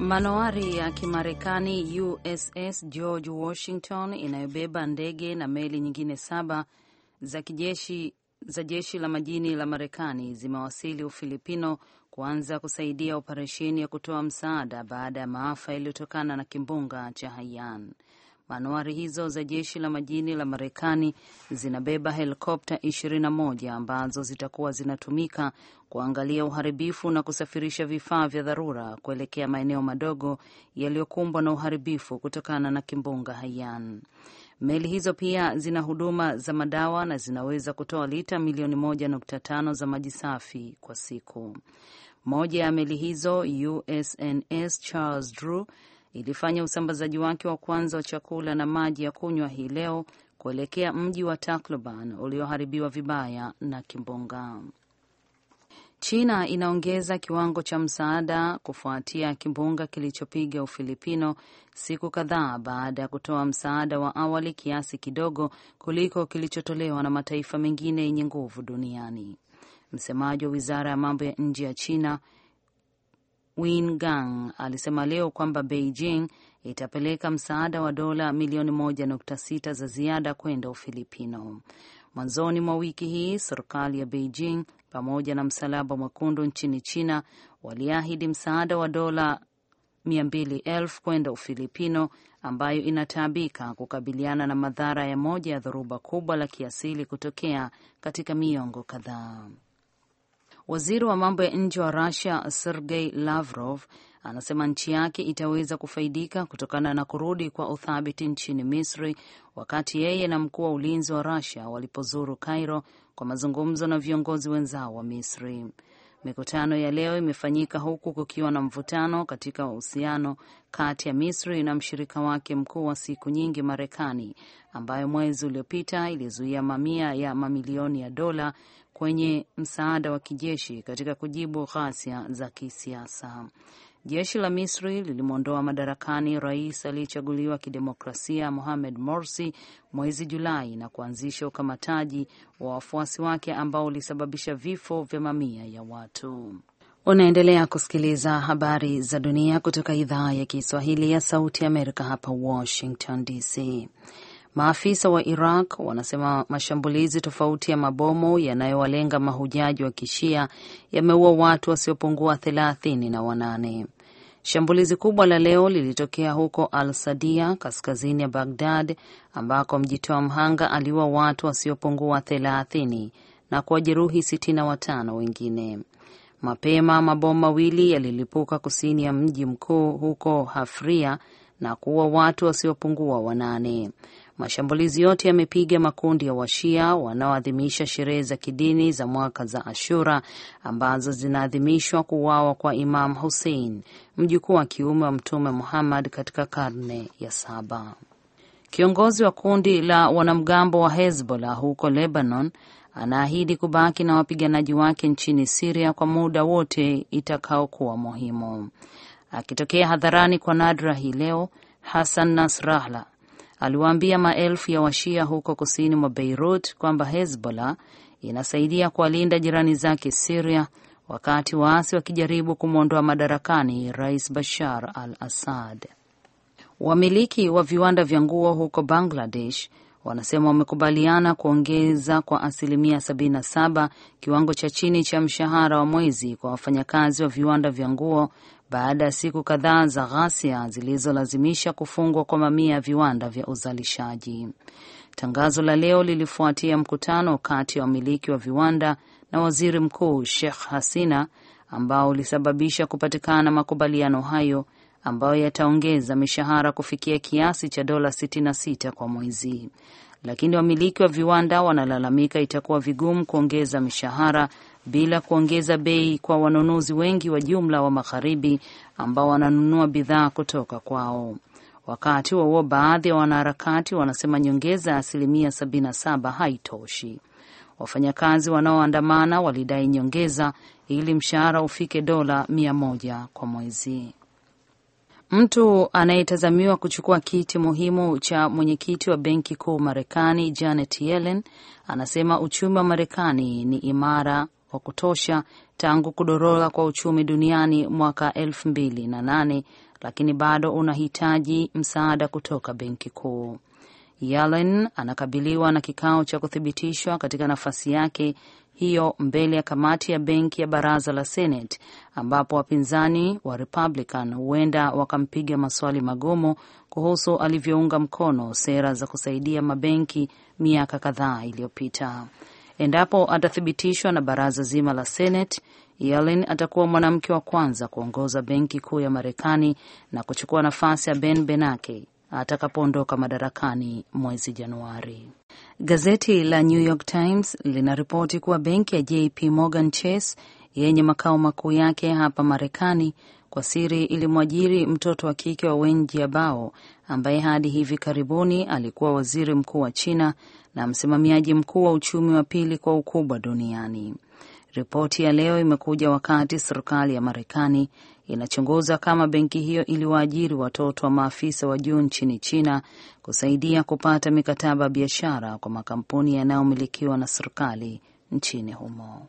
Manowari ya Kimarekani USS George Washington inayobeba ndege na meli nyingine saba za kijeshi za jeshi la majini la Marekani zimewasili Ufilipino kuanza kusaidia operesheni ya kutoa msaada baada ya maafa yaliyotokana na kimbunga cha Haiyan. Manuari hizo za jeshi la majini la Marekani zinabeba helikopta 21 ambazo zitakuwa zinatumika kuangalia uharibifu na kusafirisha vifaa vya dharura kuelekea maeneo madogo yaliyokumbwa na uharibifu kutokana na kimbunga Haiyan. Meli hizo pia zina huduma za madawa na zinaweza kutoa lita milioni 1.5 za maji safi kwa siku. Moja ya meli hizo USNS Charles Drew ilifanya usambazaji wake wa kwanza wa chakula na maji ya kunywa hii leo kuelekea mji wa Tacloban ulioharibiwa vibaya na kimbunga. China inaongeza kiwango cha msaada kufuatia kimbunga kilichopiga Ufilipino siku kadhaa baada ya kutoa msaada wa awali kiasi kidogo kuliko kilichotolewa na mataifa mengine yenye nguvu duniani. Msemaji wa wizara ya mambo ya nje ya China Wingang alisema leo kwamba Beijing itapeleka msaada wa dola milioni 1.6 za ziada kwenda Ufilipino. Mwanzoni mwa wiki hii serikali ya Beijing pamoja na Msalaba Mwekundu nchini China waliahidi msaada wa dola 200,000 kwenda Ufilipino ambayo inataabika kukabiliana na madhara ya moja ya dhoruba kubwa la kiasili kutokea katika miongo kadhaa. Waziri wa mambo ya nje wa Rusia Sergei Lavrov anasema nchi yake itaweza kufaidika kutokana na kurudi kwa uthabiti nchini Misri, wakati yeye na mkuu wa ulinzi wa Russia walipozuru Cairo kwa mazungumzo na viongozi wenzao wa Misri. Mikutano ya leo imefanyika huku kukiwa na mvutano katika uhusiano kati ya Misri na mshirika wake mkuu wa siku nyingi Marekani, ambayo mwezi uliopita ilizuia mamia ya mamilioni ya dola kwenye msaada wa kijeshi katika kujibu ghasia za kisiasa. Jeshi la Misri lilimwondoa madarakani rais aliyechaguliwa kidemokrasia Mohamed Morsi mwezi Julai na kuanzisha ukamataji wa wafuasi wake ambao ulisababisha vifo vya mamia ya watu. Unaendelea kusikiliza habari za dunia kutoka idhaa ya Kiswahili ya Sauti ya Amerika hapa Washington DC. Maafisa wa Iraq wanasema mashambulizi tofauti ya mabomu yanayowalenga mahujaji wa kishia yameua watu wasiopungua thelathini na wanane. Shambulizi kubwa la leo lilitokea huko Al Sadia kaskazini ya Bagdad ambako mjitoa mhanga aliua watu wasiopungua thelathini na kuwajeruhi sitini na watano wengine. Mapema mabomu mawili yalilipuka kusini ya mji mkuu huko Hafria na kuua watu wasiopungua wanane. Mashambulizi yote yamepiga makundi ya Washia wanaoadhimisha sherehe za kidini za mwaka za Ashura ambazo zinaadhimishwa kuuawa kwa Imam Hussein, mjukuu wa kiume wa Mtume Muhammad katika karne ya saba. Kiongozi wa kundi la wanamgambo wa Hezbollah huko Lebanon anaahidi kubaki na wapiganaji wake nchini Siria kwa muda wote itakaokuwa muhimu. Akitokea hadharani kwa nadra hii leo, Hassan Nasrallah aliwaambia maelfu ya washia huko kusini mwa Beirut kwamba Hezbollah inasaidia kuwalinda jirani zake siria wakati waasi wakijaribu kumwondoa madarakani Rais Bashar al-Assad. Wamiliki wa viwanda vya nguo huko Bangladesh wanasema wamekubaliana kuongeza kwa asilimia 77 kiwango cha chini cha mshahara wa mwezi kwa wafanyakazi wa viwanda vya nguo baada ya siku kadhaa za ghasia zilizolazimisha kufungwa kwa mamia ya viwanda vya uzalishaji. Tangazo la leo lilifuatia mkutano kati ya wamiliki wa viwanda na waziri mkuu Sheikh Hasina ambao ulisababisha kupatikana makubaliano hayo ambayo yataongeza mishahara kufikia kiasi cha dola 66 kwa mwezi, lakini wamiliki wa viwanda wanalalamika itakuwa vigumu kuongeza mishahara bila kuongeza bei kwa wanunuzi wengi wa jumla wa magharibi ambao wananunua bidhaa kutoka kwao. Wakati huo baadhi ya wanaharakati wanasema nyongeza ya asilimia 77 haitoshi. Wafanyakazi wanaoandamana walidai nyongeza ili mshahara ufike dola 100 kwa mwezi. Mtu anayetazamiwa kuchukua kiti muhimu cha mwenyekiti wa benki kuu Marekani, Janet Yellen, anasema uchumi wa Marekani ni imara wa kutosha tangu kudorora kwa uchumi duniani mwaka elfu mbili na nane, lakini bado unahitaji msaada kutoka benki kuu. Yellen anakabiliwa na kikao cha kuthibitishwa katika nafasi yake hiyo mbele ya kamati ya benki ya baraza la Senate ambapo wapinzani wa Republican huenda wakampiga maswali magumu kuhusu alivyounga mkono sera za kusaidia mabenki miaka kadhaa iliyopita. Endapo atathibitishwa na baraza zima la senate Yellen atakuwa mwanamke wa kwanza kuongoza benki kuu ya Marekani na kuchukua nafasi ya Ben Bernanke atakapoondoka madarakani mwezi Januari. Gazeti la New York Times linaripoti kuwa benki ya JP Morgan Chase yenye makao makuu yake hapa Marekani kwa siri ilimwajiri mtoto wa kike wa Wen Jiabao ambaye hadi hivi karibuni alikuwa waziri mkuu wa China na msimamiaji mkuu wa uchumi wa pili kwa ukubwa duniani. Ripoti ya leo imekuja wakati serikali ya Marekani inachunguza kama benki hiyo iliwaajiri watoto wa maafisa wa juu nchini China kusaidia kupata mikataba ya biashara kwa makampuni yanayomilikiwa na serikali nchini humo.